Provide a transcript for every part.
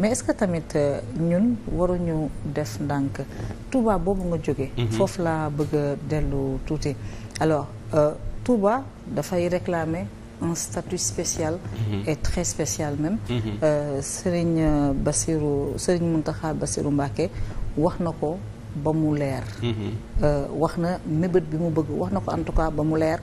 mais est-ce que tamit euh, ñun waruñu def ndànk Touba boobu nga jógee. Mhm. foofu laa bëgg dellu tuuti alors euh, Touba dafay réclamer un statut spécial. Mm -hmm. et très spécial même. Mhm. Euh, Serigne Bassirou Serigne Mountakha Bassirou Mbacké wax na ko. ba mu leer. Mm-hmm. Euh, wax na mébét bi mu bëgg wax na ko en tout cas ba mu leer.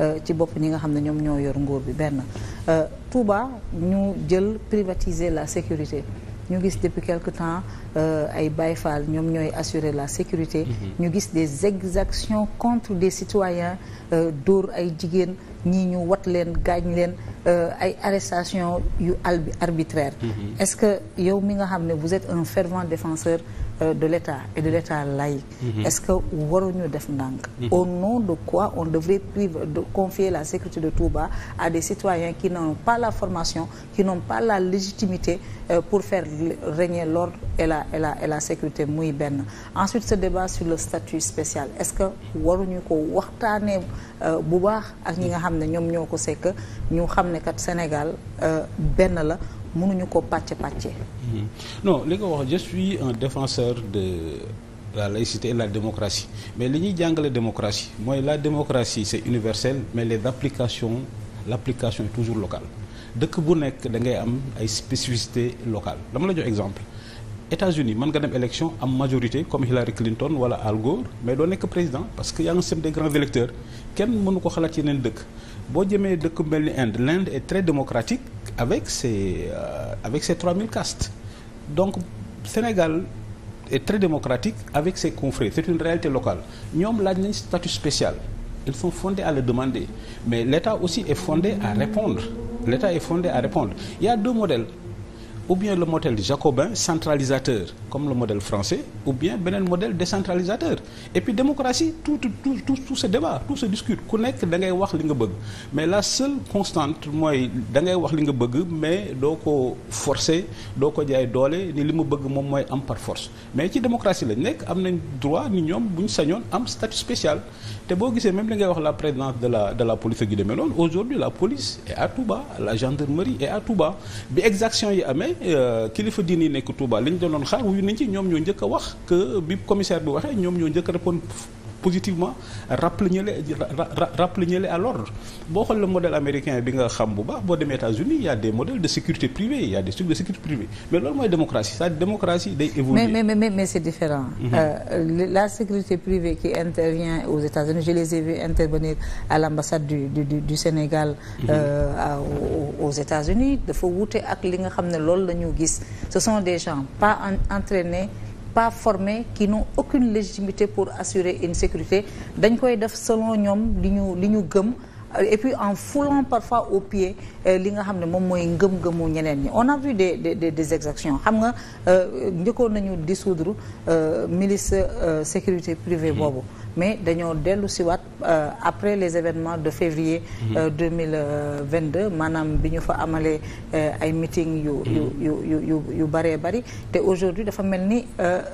Euh, ci bopp ñi nga xam ne ñoom ñoo yor nguur bi benn. Euh, Touba ñu jël privatiser la sécurité ñu gis depuis quelque temps ay Baye Fall ñoom ñooy assurer la sécurité. Mm-hmm. ñu gis des exactions contre des citoyens dóor ay jigéen ñii ñu wat leen gaañ leen ay arrestation yu al arbitraire. Mm-hmm. est-ce que yow mi nga xam ne vous êtes un fervent defenseur Euh, de l'État et de l'État lay mhm. est-ce que waruñu def ndànk. Mhm. au nom de quoi on devrait priver confier la sécurité de Touba à des citoyens qui n'ont pas la formation qui n'ont pas la légitimité euh, pour faire régner l'ordre et la et la et la sécurité muy benn. ensuite ce débat sur le statut spécial est-ce que waru ñu ko waxtaanee euh, bu baax ak ñi nga xam ne ñoom ñoo ko sekk ñu xam ne kat Sénégal benn la. mënuñu ko pàcce pàcce mhm. non li nga wax je suis un défenseur de la laïcité la démocratie mais li ñuy jàngale démocratie mooy la démocratie c'est universel mais les applications l'application est toujours locale dëkk bu nekk da ngay am ay spécificités locales dama la jox exemple États-Unis mën nga dem élection am majorité comme Hillary Clinton wala Al Gore mais doo nekk président parce que yaa ngi sem des grands électeurs kenn mënu ko xalaat yeneen dëkk boo jëmee dëkk mel ni Inde l'Inde est très démocratique avec ces euh, avec ces 3000 castes donc Sénégal est très démocratique avec ses confrères c'est une réalité locale ñoom laaj nañ statut spécial ils sont fondés à le demander mais l'État aussi est fondé à répondre l'État est fondé à répondre il y deux modèles ou bien le modèle jacobin centralisateur comme le modèle français ou bien beneen modèle décentralisateur et puis démocratie tout tout tout tout ce débat tout se discute ku nekk da ngay wax li nga bëgg mais la seule constante mooy da ngay wax li nga bëgg mais doo ko forcer doo ko jaay doole ni li mu bëgg moom mooy am par force mais ci démocratie lañ nekk am nañ droit ni ñoom bu ñu sañoon am statut spécial te boo gisee même li ngay wax la présidence de la de la police ak yu la police est à Touba la gendarmerie est à yi amee tey euh, kilifa diine yi nekk Touba li ñu doon xaar wuyu nañ ci ñoom ñoo njëkk a wax que bi commissaire bi waxee ñoom ñoo njëkk a répondre positivement rappelé ñu rappelé ñu à l'ordre boo xool le modèle américain bi nga xam bu baax boo demee États-Unis il a des modèles de sécurité privée il y a des trucs de sécurité privée mais loolu mooy démocratie cest démocratie day évoluer mhm. euh, la sécurité privée qui intervient aux États-Unis je les ai vus intervenir à l'ambassade du du du, du Sénégal mhm. euh, mm -hmm. à, aux, États-Unis dafa wuute ak li nga xam ne loolu la ñu gis ce sont des gens pas en, entraînés pas formés qui n'ont aucune légitimité pour assurer une sécurité dañ koy def selon ñoom li ñu li ñu gëm et puis en foulant parfois au pied euh, li nga xam ne moom mooy ngëm-ngëmu ñeneen ñi on a vu des des des exactions xam nga euh, njëkkoon nañu dissoudre euh, milice sécurité privée boobu mais dañoo dellu siwaat euh, après les événements de février. Mhm. Euh, 2022 euh, maanaam bi ñu fa amalee euh, ay meeting yu yu mhm. yu yu yu yu bëree bëri te aujourd'hui dafa mel ni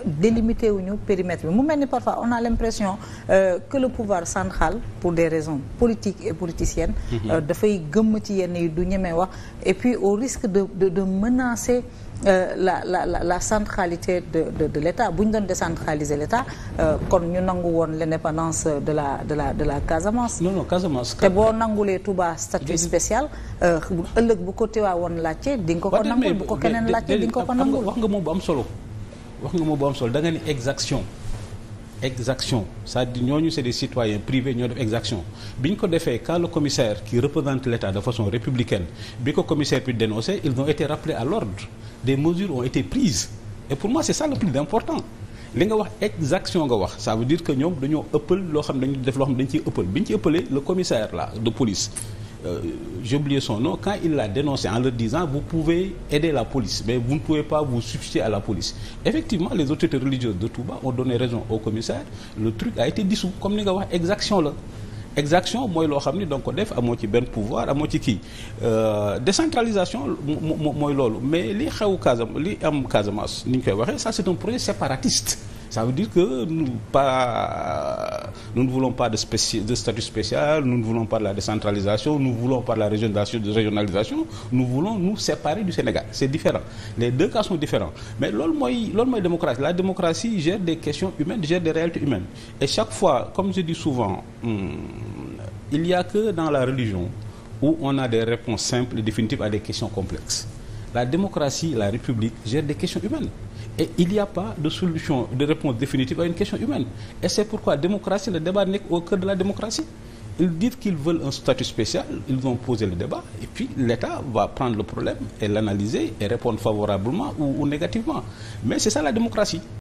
délimité ñu périmètre bi mu mel ni parfois on a l'impression que le pouvoir central pour des raisons politiques et politiciennes. Mhm. dafay gëmm ci yenn yi du ñemee wax et puis au risque de de de Euh, la la la la centralité de l'État bu ñu doon décentraliser l'État euh, kon ñu nangu woon l'indépendance de la de la de la Casamance. non non Casamance. te boo nangulee Touba statut spéciale euh, ëllëg bu ko teewaawoon laajte di nga ko ko nangul bu ko keneen laajte di nga ko ko nangul. wax nga moom bu am solo wax nga moom bu am solo da nga ni exaction. exaction c'est-à-dire ñooñu c'est des citoyens privés ñoo def exaction bi ñu ko defee quand le commissaire qui représente l'État de façon républicaine bi ko commissaire bi dénoncé ils ont été rappelés à l'ordre des mesures ont été prises et pour moi c'est ça le plus important li nga wax exaction nga wax ça veut dire que ñoom dañoo ëppal loo xam dañu def loo xam dañu ciy ëppal bi ñu ci ëppalee le commissaire là de police euh, j'ai son nom, quand il l'a dénoncé en leur disant vous pouvez aider la police, mais vous ne pouvez pas vous substituer à la police. Effectivement, les autorités religieuses de Touba ont donné raison au commissaire. Le truc a été dissous, comme ni nga wax exaction la. exaction mooy loo xam ni donc ko def amoo ci benn pouvoir amoo ci kii euh, décentralisation mooy loolu mais li xew Casamance li am Casamance ni ñu koy waxee ça c'est un projet séparatiste Ça veut dire que nous, pas, nous ne voulons pas de, spéci, de, statut spécial, nous ne voulons pas de la nous voulons pas de la régionalisation, nous voulons nous séparer du Sénégal. C'est différent. Les deux cas sont différents. Mais l'homme démocratie. La démocratie gère des questions humaines, gère des réalités humaines. Et chaque fois, comme je dis souvent, hmm, il n'y a que dans la religion où on a des réponses simples et définitives à des questions complexes. la démocratie, la République gère des questions humaines. Et il n'y a pas de solution, de réponse définitive à une question humaine. Et c'est pourquoi la démocratie, le débat n'est au cœur de la démocratie. Ils disent qu'ils veulent un statut spécial, ils vont poser le débat, et l'État va prendre le problème et l'analyser et répondre favorablement ou négativement. Mais c'est ça la démocratie.